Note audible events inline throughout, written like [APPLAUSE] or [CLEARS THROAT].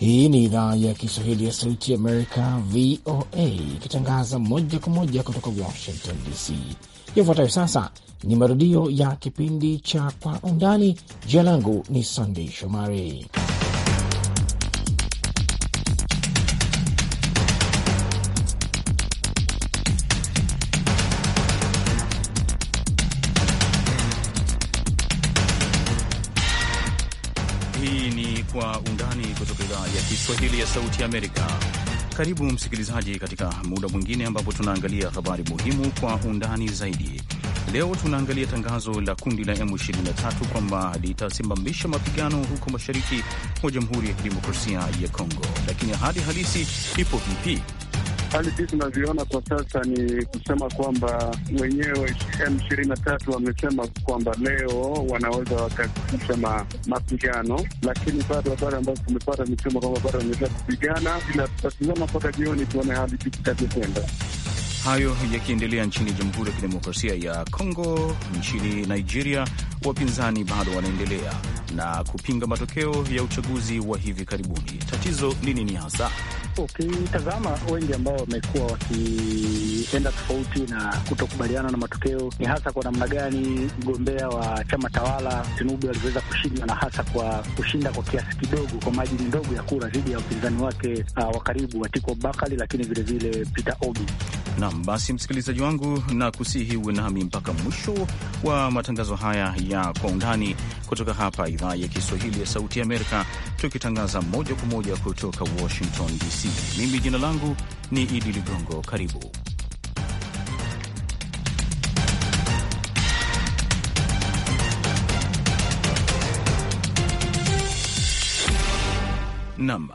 Hii ni idhaa ya Kiswahili ya Sauti ya Amerika, VOA, ikitangaza moja kwa moja kutoka Washington DC. yafuatayo sasa ni marudio ya kipindi cha Kwa Undani. Jina langu ni Sandei Shomari. Kiswahili ya Sauti Amerika. Karibu msikilizaji, katika muda mwingine ambapo tunaangalia habari muhimu kwa undani zaidi. Leo tunaangalia tangazo la kundi la M23 kwamba litasimamisha mapigano huko mashariki mwa Jamhuri ya Kidemokrasia ya Kongo, lakini hali halisi ipo vipi? Hali sisi tunavyoona kwa sasa ni kusema kwamba wenyewe M23 wamesema kwamba leo wanaweza wakasitisha mapigano, lakini bado habari ambazo tumepata nisema kwamba bado wanaweza kupigana, ila tutatizama mpaka jioni tuone hali itavyokwenda. Hayo yakiendelea nchini Jamhuri ya Kidemokrasia ya Kongo. Nchini Nigeria, wapinzani bado wanaendelea na kupinga matokeo ya uchaguzi wa hivi karibuni. Tatizo ni nini hasa? ukitazama wengi ambao wamekuwa wakienda tofauti na kutokubaliana na matokeo ni hasa kwa namna gani mgombea wa chama tawala Tinubu aliweza kushindwa na hasa kwa kushinda kwa kiasi kidogo, kwa majini ndogo ya kura dhidi ya upinzani wake uh, wa karibu Atiku Abubakar, lakini vilevile Peter Obi. Naam, basi msikilizaji wangu, na kusihi uwe nami mpaka mwisho wa matangazo haya ya Kwa Undani kutoka hapa idhaa ya Kiswahili ya Sauti ya Amerika, tukitangaza moja kwa moja kutoka Washington DC. Mimi jina langu ni Idi Ligongo, karibu nam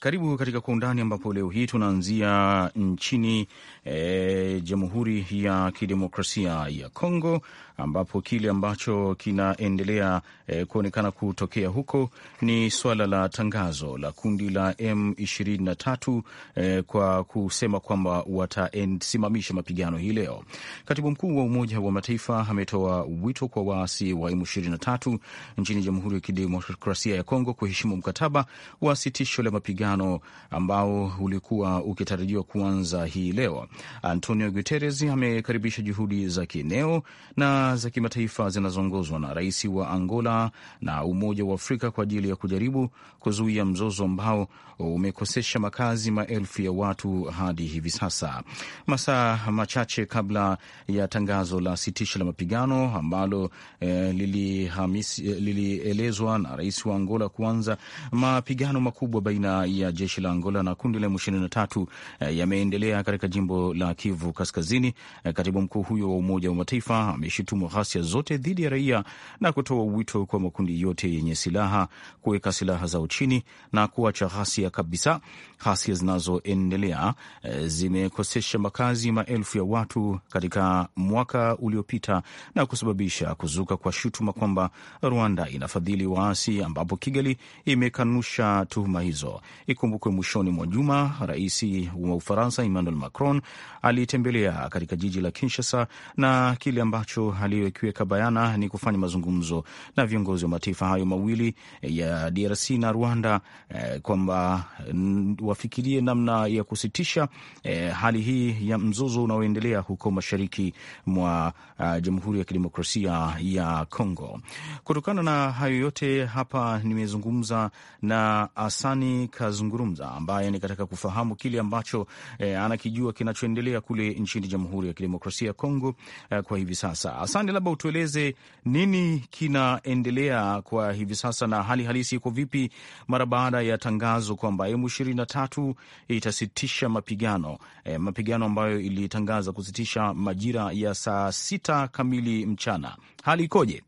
karibu katika Kwa Undani, ambapo leo hii tunaanzia nchini e, Jamhuri ya Kidemokrasia ya Kongo, ambapo kile ambacho kinaendelea e, kuonekana kutokea huko ni swala la tangazo la kundi la M23 e, kwa kusema kwamba watasimamisha mapigano hii leo. Katibu mkuu wa Umoja wa Mataifa ametoa wito kwa waasi wa M23 nchini Jamhuri ya Kidemokrasia ya Kongo kuheshimu mkataba wa sitisho la mapigano mkutano ambao ulikuwa ukitarajiwa kuanza hii leo. Antonio Guterres amekaribisha juhudi za kieneo na za kimataifa zinazoongozwa na rais wa Angola na Umoja wa Afrika kwa ajili ya kujaribu kuzuia mzozo ambao umekosesha makazi maelfu ya watu hadi hivi sasa. Masaa machache kabla ya tangazo la sitisho la mapigano ambalo eh, lilielezwa eh, lili na rais wa Angola kuanza mapigano makubwa baina ya jeshi la Angola na kundi la M23 eh, yameendelea katika jimbo la Kivu Kaskazini. Eh, katibu mkuu huyo wa Umoja wa Mataifa ameshutumu ghasia zote dhidi ya raia na kutoa wito kwa makundi yote yenye silaha kuweka silaha zao chini na kuacha ghasia kabisa. Ghasia zinazoendelea eh, zimekosesha makazi maelfu ya watu katika mwaka uliopita na kusababisha kuzuka kwa shutuma kwamba Rwanda inafadhili waasi, ambapo Kigali imekanusha tuhuma hizo Ikumbukwe mwishoni mwa juma rais wa Ufaransa Emmanuel Macron alitembelea katika jiji la Kinshasa, na kile ambacho aliyokiweka bayana ni kufanya mazungumzo na viongozi wa mataifa hayo mawili eh, ya DRC na Rwanda eh, kwamba mm, wafikirie namna ya kusitisha eh, hali hii ya mzozo unaoendelea huko mashariki mwa uh, Jamhuri ya Kidemokrasia ya congo Kutokana na hayo yote, hapa nimezungumza na Asani Kaz akazungumza, ambaye ni katika kufahamu kile ambacho eh, anakijua kinachoendelea kule nchini Jamhuri ya Kidemokrasia ya Kongo eh, kwa hivi sasa. Asante, labda utueleze nini kinaendelea kwa hivi sasa na hali halisi iko vipi mara baada ya tangazo kwamba M23 itasitisha mapigano eh, mapigano ambayo ilitangaza kusitisha majira ya saa sita kamili mchana, hali ikoje?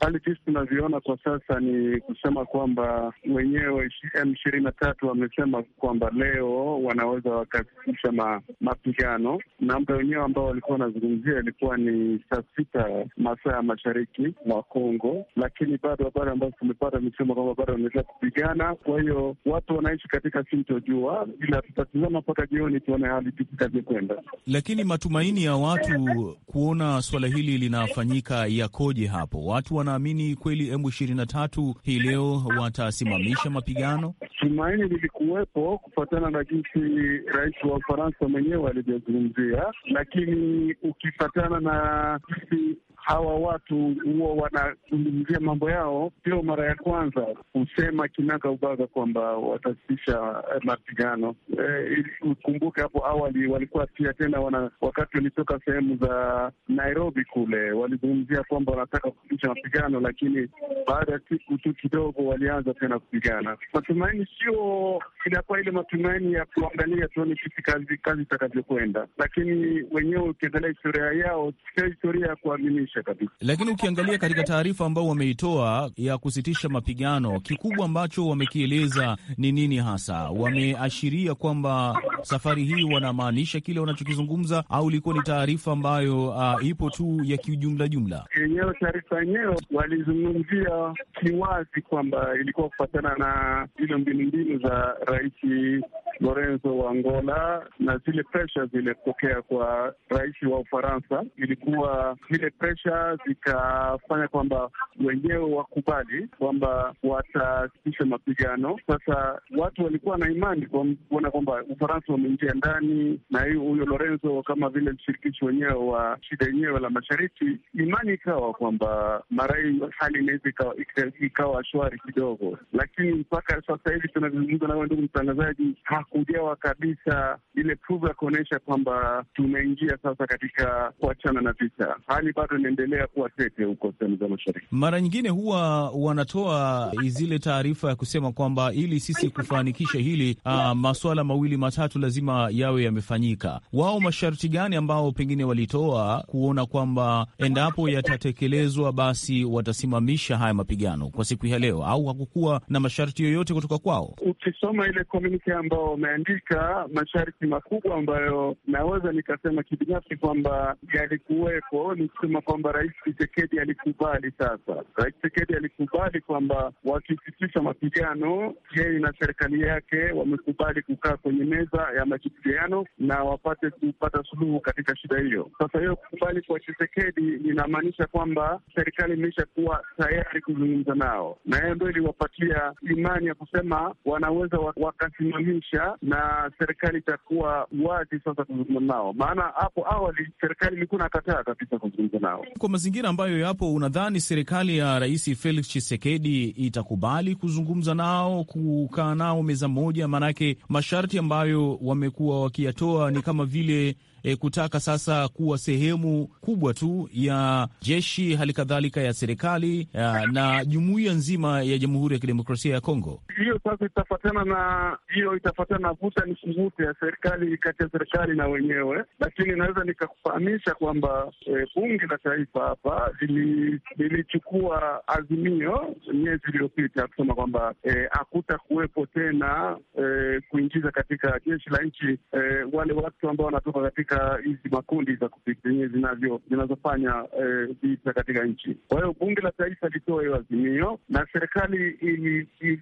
Hali jinsi tunavyoona kwa sasa ni kusema kwamba wenyewe M ishirini na tatu wamesema kwamba leo wanaweza wakasitisha ma, mapigano na muda wenyewe ambao walikuwa wanazungumzia ilikuwa ni saa sita masaa ya mashariki mwa Kongo, lakini bado habari ambazo tumepata amesema kwamba bado wanaendelea kupigana. Kwa hiyo watu wanaishi katika sintojua, ila tutatizama mpaka jioni tuone hali itakavyokwenda. Lakini matumaini ya watu kuona suala hili linafanyika yakoje hapo watu wanaamini kweli M23 hii leo watasimamisha mapigano? Tumaini lilikuwepo kufuatana na jinsi rais wa Ufaransa mwenyewe alivyozungumzia, lakini ukifatana na jinsi hawa watu huwa wanazungumzia mambo yao, sio mara ya kwanza kusema kinaga ubaga kwamba watasitisha eh, mapigano. Eh, ukumbuke hapo awali walikuwa pia tena wana, wakati walitoka sehemu za Nairobi kule walizungumzia kwamba wanataka kusitisha mapigano, lakini baada ya siku tu kidogo walianza tena kupigana. Matumaini sio inakuwa ile matumaini ya kuangalia tuone vipi kazi kazi itakavyokwenda, lakini wenyewe ukiangalia historia yao sio historia ya kuaminisha kusitisha kabisa. Lakini ukiangalia katika taarifa ambayo wameitoa ya kusitisha mapigano, kikubwa ambacho wamekieleza ni nini hasa? Wameashiria kwamba safari hii wanamaanisha kile wanachokizungumza, au ilikuwa ni taarifa ambayo uh, ipo tu ya kiujumla jumla? Yenyewe taarifa yenyewe walizungumzia kiwazi kwamba ilikuwa kufuatana na zile mbinu za Rais Lorenzo wa Angola na zile presha zilitokea kwa rais wa Ufaransa, ilikuwa zile presha kisha zikafanya kwamba wenyewe wakubali kwamba watasitisha mapigano. Sasa watu walikuwa na imani kuona kwamba Ufaransa wameingia ndani, na hiyo huyo Lorenzo kama vile mshirikishi wenyewe wa shida yenyewe la mashariki, imani ikawa kwamba mara hii hali inaweza ikawa shwari kidogo, lakini mpaka sasa hivi tunavyozungumza nawe, ndugu mtangazaji, hakujawa kabisa ile prova ya kuonyesha kwamba tumeingia sasa katika kuachana na vita. Hali bado inaendelea kuwa tete huko sehemu za mashariki. Mara nyingine huwa wanatoa zile taarifa ya kusema kwamba ili sisi kufanikisha hili, uh, ah, masuala mawili matatu lazima yawe yamefanyika. Wao masharti gani ambao pengine walitoa kuona kwamba endapo yatatekelezwa basi watasimamisha haya mapigano kwa siku ya leo, au hakukuwa na masharti yoyote kutoka kwao? Ukisoma ile komunike ambao wameandika, masharti makubwa ambayo naweza nikasema kibinafsi kwamba yalikuwepo ni kusema kwa kwamba Rais chisekedi alikubali. Sasa Rais Chisekedi alikubali kwamba wakisitisha mapigano, yeye na serikali yake wamekubali kukaa kwenye meza ya majadiliano na wapate kupata suluhu katika shida hiyo. Sasa hiyo kukubali kwa chisekedi inamaanisha kwamba serikali imeisha kuwa tayari kuzungumza nao, na hiyo ndio iliwapatia imani ya kusema wanaweza wakasimamisha na serikali itakuwa wazi sasa kuzungumza nao, maana hapo awali serikali ilikuwa nakataa kabisa kuzungumza nao. Kwa mazingira ambayo yapo, unadhani serikali ya Rais Felix Tshisekedi itakubali kuzungumza nao, kukaa nao meza moja? Maanake masharti ambayo wamekuwa wakiyatoa ni kama vile e, kutaka sasa kuwa sehemu kubwa tu ya jeshi, hali kadhalika ya serikali e, na jumuiya nzima ya Jamhuri ya Kidemokrasia ya Kongo. Hiyo sasa itafatana na hiyo itafatana na vuta ni kuvute ya serikali kati ya serikali na wenyewe, lakini naweza nikakufahamisha kwamba e, bunge la taifa hapa lilichukua azimio miezi iliyopita kusema kwamba akuta e, tena e, kuingiza katika jeshi la nchi e, wale watu ambao wanatoka katika katika hizi makundi za kupigania zinavyo zinazofanya eh, vita e, katika nchi. Kwa hiyo bunge la taifa litoa hiyo azimio, na serikali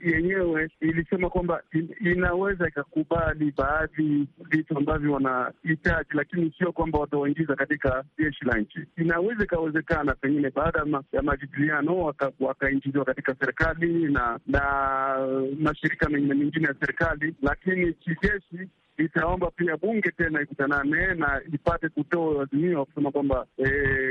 yenyewe ilisema kwamba inaweza ikakubali baadhi vitu ambavyo wanahitaji, lakini sio kwamba watawaingiza katika jeshi la nchi. Inaweza ikawezekana pengine baada ma, ya majadiliano wakaingizwa waka katika serikali na na mashirika mengine mengine ya serikali, lakini kijeshi itaomba pia bunge tena ikutanane na ipate kutoa azimio wa kusema kwamba e,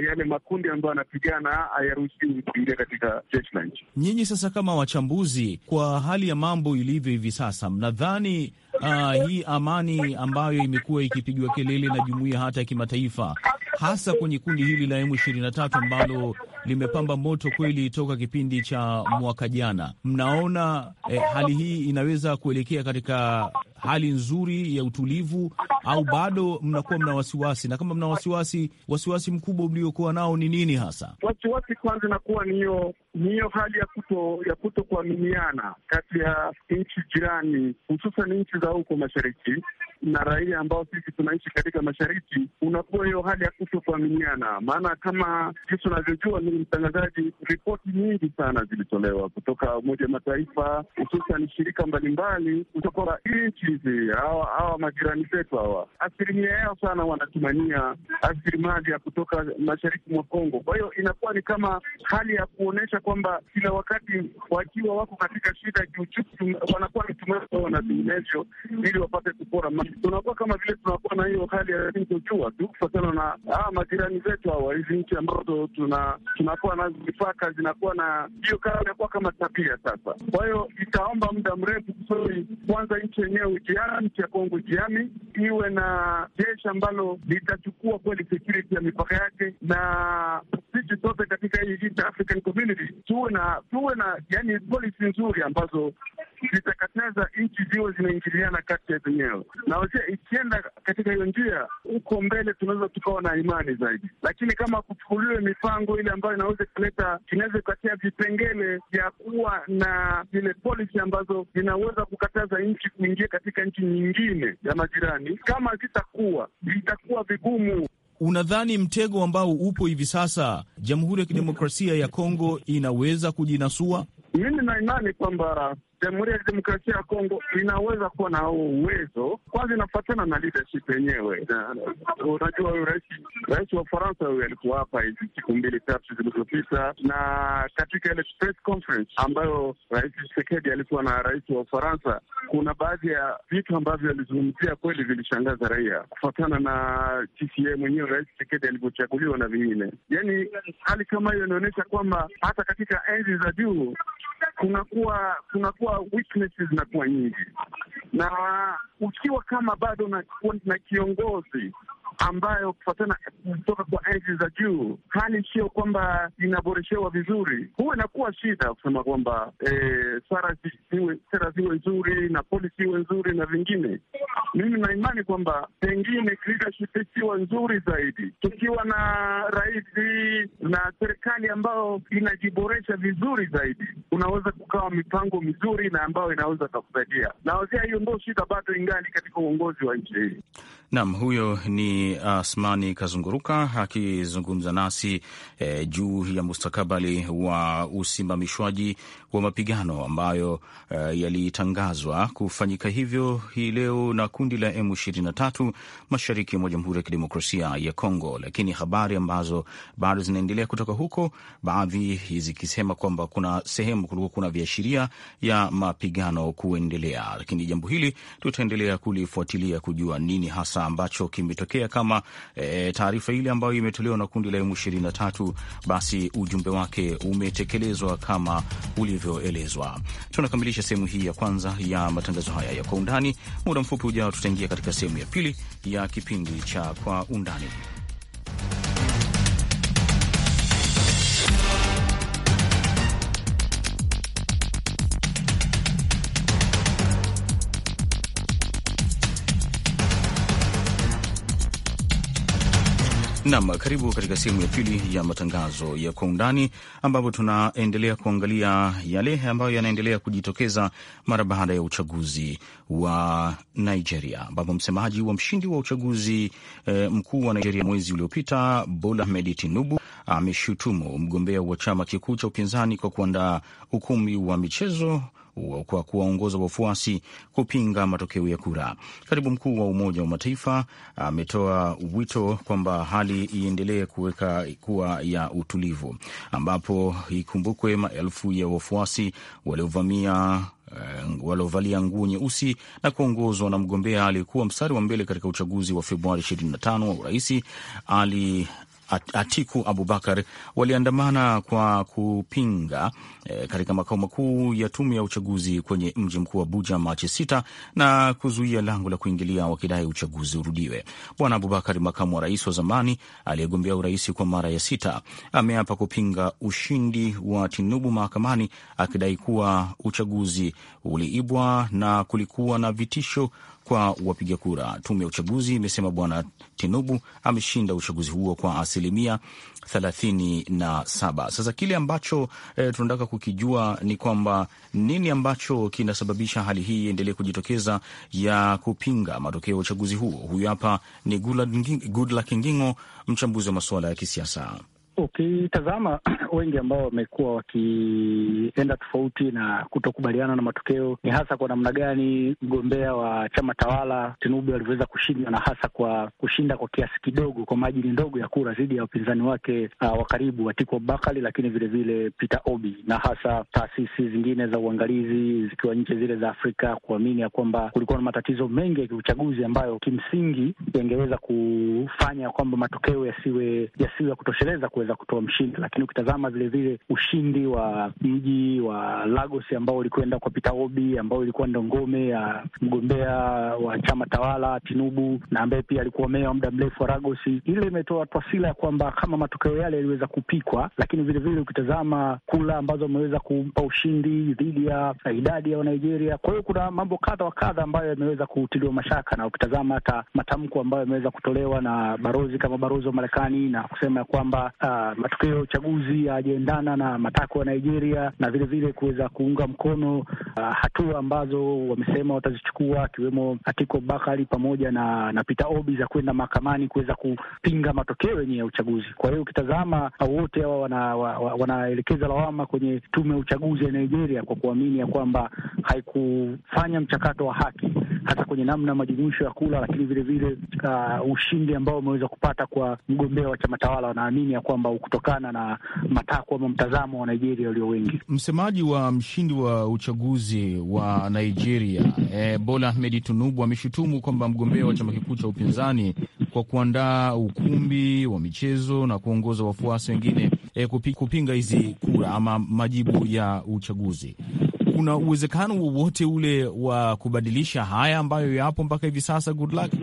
yale makundi ambayo yanapigana hayaruhusiwi kuingia katika jeshi la nchi. Nyinyi sasa, kama wachambuzi, kwa hali ya mambo ilivyo hivi sasa, mnadhani uh, hii amani ambayo imekuwa ikipigwa kelele na jumuiya hata ya kimataifa, hasa kwenye kundi hili la emu ishirini na tatu ambalo limepamba moto kweli toka kipindi cha mwaka jana, mnaona eh, hali hii inaweza kuelekea katika hali nzuri ya utulivu, au bado mnakuwa mna wasiwasi? Na kama mna wasiwasi, wasiwasi mkubwa mliokuwa nao ni nini hasa? Wasiwasi kwanza inakuwa ni hiyo ni hiyo hali ya kuto ya kutokuaminiana kati ya nchi jirani, hususan nchi za huko mashariki na raia ambao sisi tunaishi katika mashariki, unakuwa hiyo hali ya kutokuaminiana. Maana kama sisi unavyojua, ni mtangazaji, ripoti nyingi sana zilitolewa kutoka Umoja wa Mataifa, hususan shirika mbalimbali kutoka nchi hizi, hawa majirani zetu hawa, asilimia yao sana wanatumania asilimali ya kutoka mashariki mwa Kongo. Kwa hiyo inakuwa ni kama hali ya kuonyesha kwamba kila wakati wakiwa wako katika shida ya kiuchumi, wanakuwa ni tumeo ili wapate kupora mali tunakuwa kama vile tunakuwa na hiyo hali ya tu kufatana na aa ah, majirani zetu hawa, hizi nchi ambazo tuna tunakuwa nazo mipaka zinakuwa na hiyo kaa, inakuwa kama tabia sasa. Kwa hiyo itaomba muda mrefu kusori, kwanza nchi yenyewe ijiami, nchi ya Kongo ijiami, iwe na jeshi ambalo litachukua kweli security ya mipaka yake, na sisi sote katika hii East African Community tuwe na tuwe na yani polisi nzuri ambazo zitakataza nchi ziwe zinaingiliana kati ya zenyewe, na wazia ikienda katika hiyo njia, huko mbele tunaweza tukawa na imani zaidi, lakini kama kuchukuliwe mipango ile ambayo inaweza ikaleta, inaweza ikatia vipengele vya kuwa na zile polisi ambazo zinaweza kukataza nchi kuingia katika nchi nyingine ya majirani, kama zitakuwa vitakuwa vigumu. Unadhani mtego ambao upo hivi sasa, Jamhuri ya Kidemokrasia ya Kongo inaweza kujinasua? Mimi na imani kwamba Jamhuri ya Kidemokrasia ya Kongo inaweza kuwa na uwezo kwanza, inafatana na leadership yenyewe. Unajua, huyu rais wa ufaransa huyu alikuwa hapa hizi siku mbili tatu zilizopita, na katika ile press conference ambayo Rais Tshisekedi alikuwa na rais wa Ufaransa, kuna baadhi ya vitu ambavyo alizungumzia kweli vilishangaza raia, kufatana na jinsi yeye mwenyewe Rais Tshisekedi alivyochaguliwa na vingine. Yani hali kama hiyo inaonyesha kwamba hata katika enzi za juu kunakuwa kunakuwa zinakuwa weaknesses zinakuwa nyingi, na ukiwa kama bado na, na kiongozi ambayo kufatana kutoka kwa enzi za juu, hali sio kwamba inaboreshewa vizuri, huwa inakuwa shida kusema kwamba e, sera ziwe sera ziwe nzuri na polisi iwe nzuri na vingine. Mimi naimani kwamba pengine leadership ikiwa nzuri zaidi, tukiwa na rais na serikali ambayo inajiboresha vizuri zaidi, unaweza kukawa mipango mizuri na ambayo inaweza kakusaidia, na wazia hiyo ndio shida bado ingali katika uongozi wa nchi hii. Nam, huyo ni uh, Asmani Kazunguruka akizungumza nasi e, juu ya mustakabali wa usimamishwaji wa mapigano ambayo e, yalitangazwa kufanyika hivyo hii leo na kundi la M23 mashariki mwa Jamhuri ya Kidemokrasia ya Kongo, lakini habari ambazo bado zinaendelea kutoka huko, baadhi zikisema kwamba kuna sehemu kulikuwa kuna viashiria ya mapigano kuendelea, lakini jambo hili tutaendelea kulifuatilia kujua nini hasa ambacho kimetokea kama e, taarifa ile ambayo imetolewa na kundi la M23, basi ujumbe wake umetekelezwa kama ulivyoelezwa. Tunakamilisha sehemu hii ya kwanza ya matangazo haya ya kwa undani. Muda mfupi ujao, tutaingia katika sehemu ya pili ya kipindi cha kwa undani. Nam, karibu katika sehemu ya pili ya matangazo ya kwa undani, ambapo tunaendelea kuangalia yale ambayo yanaendelea kujitokeza mara baada ya uchaguzi wa Nigeria, ambapo msemaji wa mshindi wa uchaguzi e, mkuu wa Nigeria mwezi uliopita Bola Ahmed Tinubu ameshutumu mgombea wa chama kikuu cha upinzani kwa kuandaa ukumbi wa michezo kwa kuwaongoza wafuasi kupinga matokeo ya kura. Katibu mkuu wa Umoja wa Mataifa ametoa wito kwamba hali iendelee kuweka kuwa ya utulivu, ambapo ikumbukwe maelfu ya wafuasi waliovamia eh, waliovalia nguo nyeusi na kuongozwa na mgombea aliyekuwa mstari wa mbele katika uchaguzi wa Februari 25 wa urais Ali Atiku Abubakar waliandamana kwa kupinga e, katika makao makuu ya tume ya uchaguzi kwenye mji mkuu wa Abuja Machi sita na kuzuia lango la kuingilia wakidai uchaguzi urudiwe. Bwana Abubakar, makamu wa rais wa zamani aliyegombea urais kwa mara ya sita, ameapa kupinga ushindi wa Tinubu mahakamani akidai kuwa uchaguzi uliibwa na kulikuwa na vitisho kwa wapiga kura. Tume ya uchaguzi imesema Bwana Tinubu ameshinda uchaguzi huo kwa asilimia thelathini na saba. Sasa kile ambacho e, tunataka kukijua ni kwamba nini ambacho kinasababisha hali hii iendelee kujitokeza ya kupinga matokeo ya uchaguzi huo. Huyu hapa ni Goodluck Ngingo, mchambuzi wa masuala ya kisiasa. Ukitazama [CLEARS THROAT] wengi ambao wamekuwa wakienda tofauti na kutokubaliana na matokeo ni hasa kwa namna gani mgombea wa chama tawala Tinubu alivyoweza kushindwa na hasa kwa kushinda kwa kiasi kidogo, kwa maajili ndogo ya kura dhidi ya wapinzani wake uh, wa karibu Atiku Abubakar, lakini vilevile Peter Obi na hasa taasisi zingine za uangalizi zikiwa nchi zile za Afrika kuamini ya kwamba kulikuwa na matatizo mengi ya kiuchaguzi ambayo kimsingi yangeweza kufanya kwamba matokeo yasiwe yasiwe ya kutosheleza kwe kuweza kutoa mshindi, lakini ukitazama vilevile ushindi wa mji wa Lagos ambao ulikwenda kwa Peter Obi, ambao ilikuwa ndo ngome ya mgombea wa chama tawala Tinubu, na ambaye pia alikuwa meya wa muda mrefu wa Lagos, ile imetoa taswira ya kwamba kama matokeo yale yaliweza kupikwa, lakini vilevile ukitazama kula ambazo ameweza kumpa ushindi dhidi ya idadi ya Wanigeria. Kwa hiyo kuna mambo kadha wa kadha ambayo yameweza kutiliwa mashaka, na ukitazama hata matamko ambayo yameweza kutolewa na barozi kama barozi wa Marekani na kusema ya kwamba uh, matokeo ya uchaguzi hayajaendana na matakwa ya Nigeria na vilevile kuweza kuunga mkono uh, hatua ambazo wamesema watazichukua akiwemo Atiko Bakari pamoja na, na Peter Obi za kwenda mahakamani kuweza kupinga matokeo yenye ya uchaguzi. Kwa hiyo ukitazama wote hawa wanaelekeza wana lawama kwenye tume ya uchaguzi ya Nigeria kwa kuamini ya kwamba haikufanya mchakato wa haki hasa kwenye namna majumuisho ya kula, lakini vilevile uh, ushindi ambao umeweza kupata kwa mgombea wa chama tawala, wanaamini ya kwamba kwamba kutokana na matakwa ama mtazamo wa Nigeria walio wengi. Msemaji wa mshindi wa uchaguzi wa Nigeria e, Bola Ahmed Tinubu ameshutumu kwamba mgombea wa chama kikuu cha upinzani kwa kuandaa ukumbi wa michezo na kuongoza wafuasi wengine e, kupinga hizi kura ama majibu ya uchaguzi. Kuna uwezekano wowote ule wa kubadilisha haya ambayo yapo mpaka hivi sasa? Good luck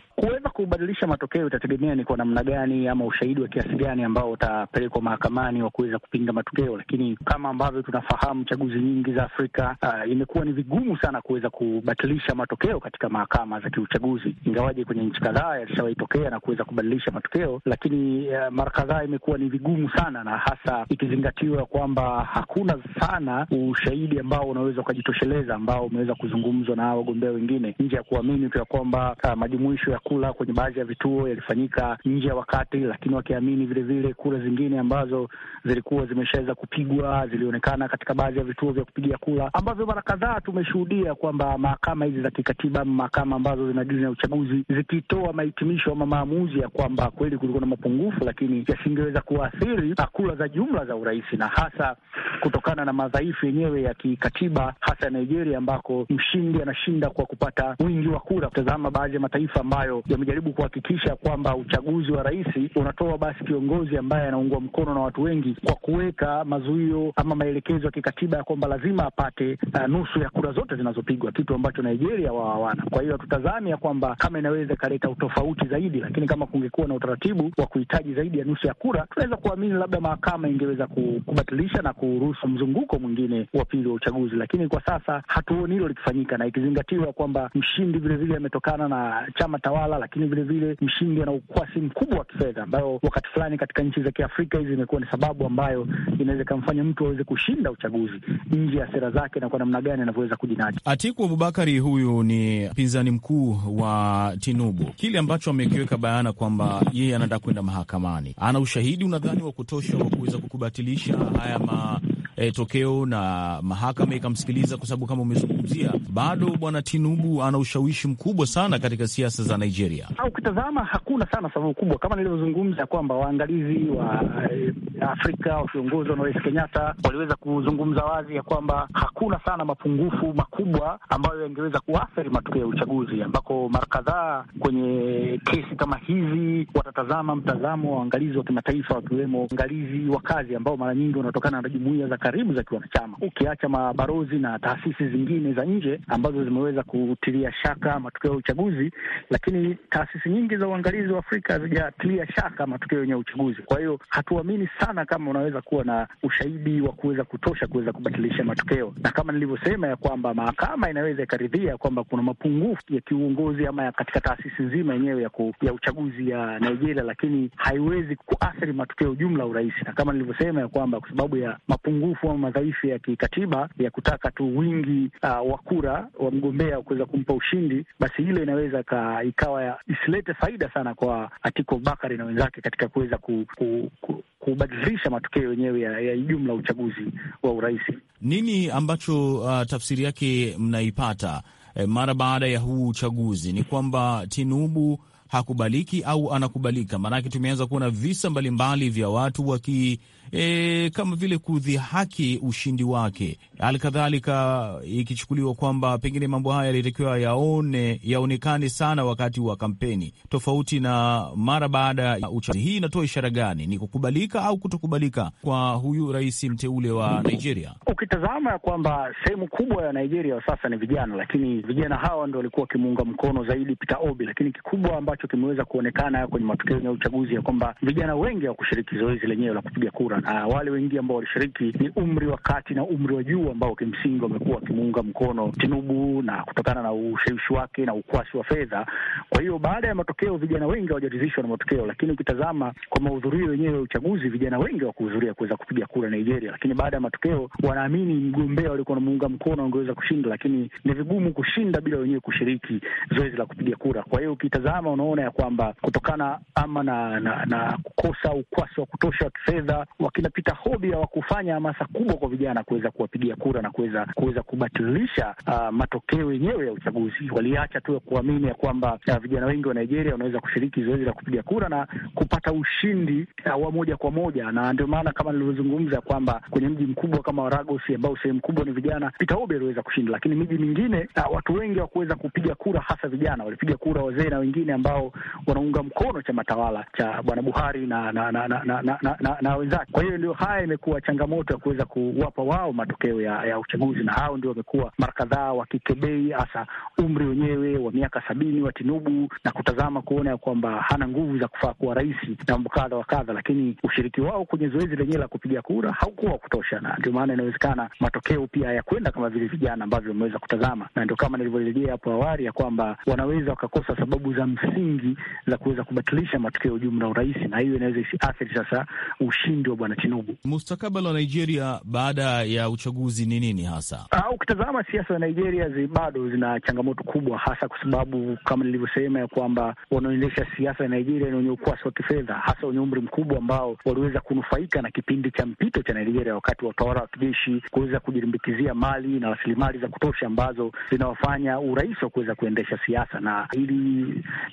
kubadilisha matokeo itategemea ni kwa namna gani ama ushahidi wa kiasi gani ambao utapelekwa mahakamani wa kuweza kupinga matokeo, lakini kama ambavyo tunafahamu chaguzi nyingi za Afrika uh, imekuwa ni vigumu sana kuweza kubatilisha matokeo katika mahakama za kiuchaguzi, ingawaje kwenye nchi kadhaa yalishawahi tokea na kuweza kubadilisha matokeo, lakini uh, mara kadhaa imekuwa ni vigumu sana, na hasa ikizingatiwa kwamba hakuna sana ushahidi ambao unaweza ukajitosheleza ambao umeweza kuzungumzwa na wagombea wengine nje ya kuamini tu ya kwamba uh, majumuisho ya kula kwenye baadhi ya vituo yalifanyika nje ya wakati, lakini wakiamini vilevile kura zingine ambazo zilikuwa zimeshaweza kupigwa zilionekana katika baadhi ya vituo vya kupigia kura, ambavyo mara kadhaa tumeshuhudia kwamba mahakama hizi za kikatiba, mahakama ambazo zinadili na uchaguzi, zikitoa mahitimisho ama maamuzi ya kwamba kweli kulikuwa na mapungufu, lakini yasingeweza kuathiri kura za jumla za urais, na hasa kutokana na madhaifu yenyewe ya kikatiba, hasa ya Nigeria ambako mshindi anashinda kwa kupata wingi wa kura. Kutazama baadhi ya mataifa ambayo yamejaribu kujaribu kuhakikisha kwamba uchaguzi wa rais unatoa basi kiongozi ambaye anaungwa mkono na watu wengi, kwa kuweka mazuio ama maelekezo ya kikatiba ya kwamba lazima apate uh, nusu ya kura zote zinazopigwa, kitu ambacho Nigeria wao hawana. Kwa hiyo hatutazami ya kwamba kama inaweza ikaleta utofauti zaidi, lakini kama kungekuwa na utaratibu wa kuhitaji zaidi ya nusu ya kura, tunaweza kuamini labda mahakama ingeweza kubatilisha na kuruhusu mzunguko mwingine wa pili wa uchaguzi, lakini kwa sasa hatuoni hilo likifanyika, na ikizingatiwa kwamba mshindi vilevile ametokana na chama tawala, lakini vile vilevile mshindi na ukwasi mkubwa wa kifedha, ambayo wakati fulani katika nchi za Kiafrika hizi imekuwa ni sababu ambayo inaweza ikamfanya mtu aweze kushinda uchaguzi nje ya sera zake na kwa namna gani anavyoweza kujinadi. Atiku Abubakari huyu ni mpinzani mkuu wa Tinubu, kile ambacho amekiweka bayana kwamba yeye anataka kwenda mahakamani, ana ushahidi unadhani wa kutosha wa kuweza kukubatilisha haya ma e, tokeo na mahakama ikamsikiliza, kwa sababu kama umezungumzia, bado bwana Tinubu ana ushawishi mkubwa sana katika siasa za Nigeria. Ukitazama hakuna sana sababu kubwa, kama nilivyozungumza kwamba waangalizi wa eh, Afrika wakiongozwa na Rais Kenyatta waliweza kuzungumza wazi ya kwamba hakuna sana mapungufu makubwa ambayo yangeweza kuathiri matokeo ya uchaguzi, ambako mara kadhaa kwenye kesi kama hizi watatazama mtazamo wa waangalizi wa kimataifa, wakiwemo waangalizi wa kazi ambao mara nyingi wanatokana na jumuia za karibu za kiwanachama, ukiacha mabarozi na taasisi zingine za nje ambazo zimeweza kutilia shaka matokeo ya uchaguzi, lakini taasisi nyingi za uangalizi wa Afrika hazijatilia shaka matokeo yenye uchaguzi. Kwa hiyo hatuamini sana kama unaweza kuwa na ushahidi wa kuweza kutosha kuweza kubatilisha matokeo, na kama nilivyosema ya kwamba mahakama inaweza ikaridhia kwamba kuna mapungufu ya kiuongozi ama ya katika taasisi nzima yenyewe ya, ya uchaguzi ya Nigeria, lakini haiwezi kuathiri matokeo jumla urahisi, na kama nilivyosema ya kwamba kwa sababu ya mapungufu kufufua madhaifu ya kikatiba ya kutaka tu wingi uh, wa kura wa mgombea kuweza kumpa ushindi, basi hilo inaweza ka, ikawa isilete faida sana kwa Atiko Bakari na wenzake katika kuweza ku, ku, ku, kubadilisha matokeo yenyewe ya, ya jumla uchaguzi wa urais. Nini ambacho uh, tafsiri yake mnaipata eh, mara baada ya huu uchaguzi ni kwamba Tinubu hakubaliki au anakubalika? Maanake tumeanza kuona visa mbalimbali mbali vya watu waki e, kama vile kudhihaki ushindi wake. Hali kadhalika ikichukuliwa kwamba pengine mambo haya yalitakiwa yaone yaonekane sana wakati wa kampeni, tofauti na mara baada ya uchaguzi. Hii inatoa ishara gani? Ni kukubalika au kutokubalika kwa huyu rais mteule wa Nigeria? Ukitazama ya kwamba sehemu kubwa ya Nigeria sasa ni vijana, lakini vijana hawa ndo walikuwa wakimuunga mkono zaidi Peter Obi, lakini kikubwa ambacho kimeweza kuonekana kwenye matokeo ya uchaguzi ya kwamba vijana wengi hawakushiriki zoezi lenyewe la kupiga kura Uh, wale wengi ambao walishiriki ni umri wa kati na umri wa juu ambao kimsingi wamekuwa wakimuunga mkono Tinubu na kutokana na ushawishi wake na ukwasi wa fedha. Kwa hiyo baada ya matokeo, vijana wengi hawajaridhishwa na matokeo, lakini ukitazama kwa mahudhurio wenyewe ya uchaguzi, vijana wengi wakuhudhuria kuweza kupiga kura Nigeria, lakini baada ya matokeo wanaamini mgombea walikuwa wanamuunga mkono wangeweza kushinda, lakini ni vigumu kushinda bila wenyewe kushiriki zoezi la kupiga kura. Kwa hiyo ukitazama, unaona ya kwamba kutokana ama na, na, na kukosa ukwasi wa kutosha wa kifedha wakinapita hobi ya wakufanya hamasa kubwa kwa vijana kuweza kuwapigia kura na kuweza kuweza kubatilisha uh, matokeo yenyewe ya uchaguzi. Waliacha tu ya kuamini ya kwamba uh, vijana wengi wa Nigeria wanaweza kushiriki zoezi la kupiga kura na kupata ushindi uh, wa moja kwa moja, na ndio maana kama nilivyozungumza kwamba kwenye mji mkubwa kama Lagos ambao sehemu kubwa ni vijana, Peter Obi aliweza kushinda, lakini miji mingine uh, watu wengi hawakuweza kupiga kura, hasa vijana walipiga kura wazee na wengine ambao wanaunga mkono chama tawala cha bwana Buhari na na na, na, na, na, na, na wenzake. Kwa hiyo ndio haya imekuwa changamoto ya kuweza kuwapa wao matokeo ya, ya uchaguzi, na hao ndio wamekuwa mara kadhaa wakikebei hasa umri wenyewe wa miaka sabini wa Tinubu na kutazama kuona ya kwamba hana nguvu za kufaa kuwa rais na mambo kadha wa kadha, lakini ushiriki wao kwenye zoezi lenyewe la kupiga kura haukuwa wa kutosha, na ndio maana inawezekana matokeo pia ya kwenda kama vile vijana ambavyo wameweza kutazama, na ndio kama nilivyorejea hapo awali ya kwamba wanaweza wakakosa sababu za msingi za kuweza kubatilisha matokeo jumla urais, na hiyo inaweza isiathiri sasa ushindi wa bwana Bwana Tinubu. Mustakabali wa Nigeria baada ya uchaguzi ni nini hasa? Uh, ukitazama siasa za Nigeria zi bado zina changamoto kubwa, hasa kwa sababu kama nilivyosema ya kwamba wanaoendesha siasa ya Nigeria ni wenye ukwasi wa kifedha, hasa wenye umri mkubwa ambao waliweza kunufaika na kipindi cha mpito cha Nigeria wakati wa utawala wa kijeshi kuweza kujirimbikizia mali na rasilimali za kutosha ambazo zinawafanya urahisi wa kuweza kuendesha siasa, na ili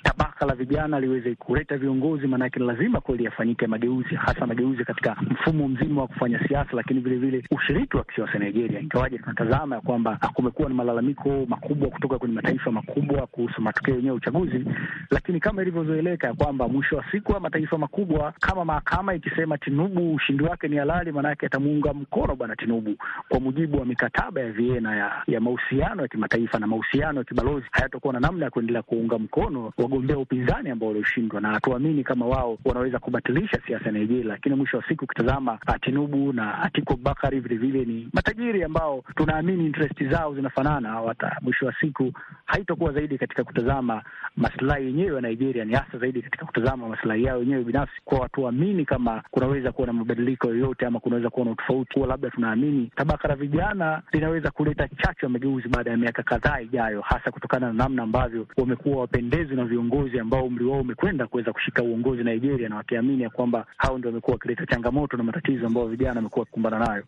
tabaka la vijana liweze kuleta viongozi, maanake lazima kweli yafanyike mageuzi, hasa mageuzi katika mfumo mzima wa kufanya siasa, lakini vilevile ushiriki wa kisiasa Nigeria. Ingawaje tunatazama ya kwamba kumekuwa na malalamiko makubwa kutoka kwenye mataifa makubwa kuhusu matokeo yenyewe ya uchaguzi, lakini kama ilivyozoeleka ya kwamba mwisho wa siku ya mataifa makubwa, kama mahakama ikisema Tinubu ushindi wake ni halali, maanake atamuunga mkono bwana Tinubu kwa mujibu wa mikataba ya Vienna ya, ya mahusiano ya kimataifa na mahusiano ya kibalozi, hayatakuwa na namna ya kuendelea kuunga mkono wagombea upinzani ambao walioshindwa, na hatuamini kama wao wanaweza kubatilisha siasa ya Nigeria, lakini mwisho wa siku ukitazama Tinubu na Atiku Abubakari vilevile ni matajiri ambao tunaamini interesti zao zinafanana. Mwisho wa siku haitokuwa zaidi katika kutazama masilahi yenyewe ya Nigeria, ni hasa zaidi katika kutazama masilahi yao wenyewe binafsi, kwa watuamini kama kunaweza kuwa na mabadiliko yoyote ama kunaweza kuwa na utofauti kuwa labda tunaamini tabaka la vijana linaweza kuleta chachu ya mageuzi baada ya miaka kadhaa ijayo, hasa kutokana na namna ambavyo wamekuwa wapendezi na viongozi ambao umri wao umekwenda kuweza kushika uongozi Nigeria, na wakiamini ya kwamba hao ndio wamekuwa wakileta changamoto changamoto na matatizo ambayo vijana wamekuwa wakikumbana nayo.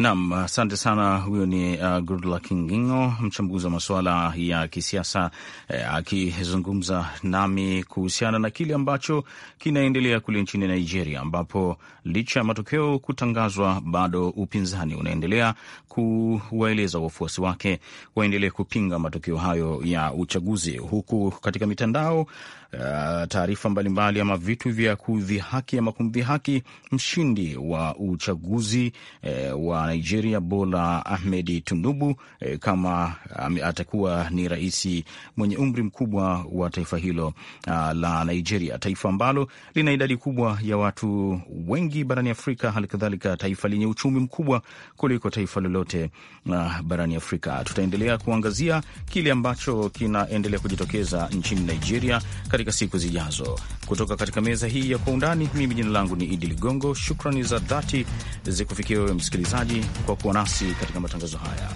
Nam, asante sana. Huyo ni uh, Goodluck Ngingo, mchambuzi wa masuala ya kisiasa eh, akizungumza nami kuhusiana na kile ambacho kinaendelea kule nchini Nigeria, ambapo licha ya matokeo kutangazwa bado upinzani unaendelea kuwaeleza wafuasi wake waendelee kupinga matokeo hayo ya uchaguzi, huku katika mitandao Uh, taarifa mbalimbali ama vitu vya kudhihaki ama kumdhihaki mshindi wa uchaguzi eh, wa Nigeria Bola Ahmed Tinubu eh, kama um, atakuwa ni rais mwenye umri mkubwa wa taifa hilo uh, la Nigeria, taifa ambalo lina idadi kubwa ya watu wengi barani Afrika, halikadhalika taifa lenye uchumi mkubwa kuliko taifa lolote uh, barani Afrika. Tutaendelea kuangazia kile ambacho kinaendelea kujitokeza nchini Nigeria katika siku zijazo. Kutoka katika meza hii ya kwa undani, mimi jina langu ni Idi Ligongo. Shukrani za dhati zikufikia wewe msikilizaji kwa kuwa nasi katika matangazo haya.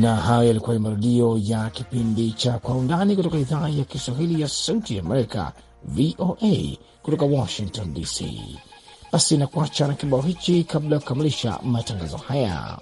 na hayo yalikuwa ni marudio ya kipindi cha Kwa Undani kutoka idhaa ya Kiswahili ya Sauti ya Amerika, VOA kutoka Washington DC. Basi nakuacha na kibao hichi kabla ya kukamilisha matangazo haya.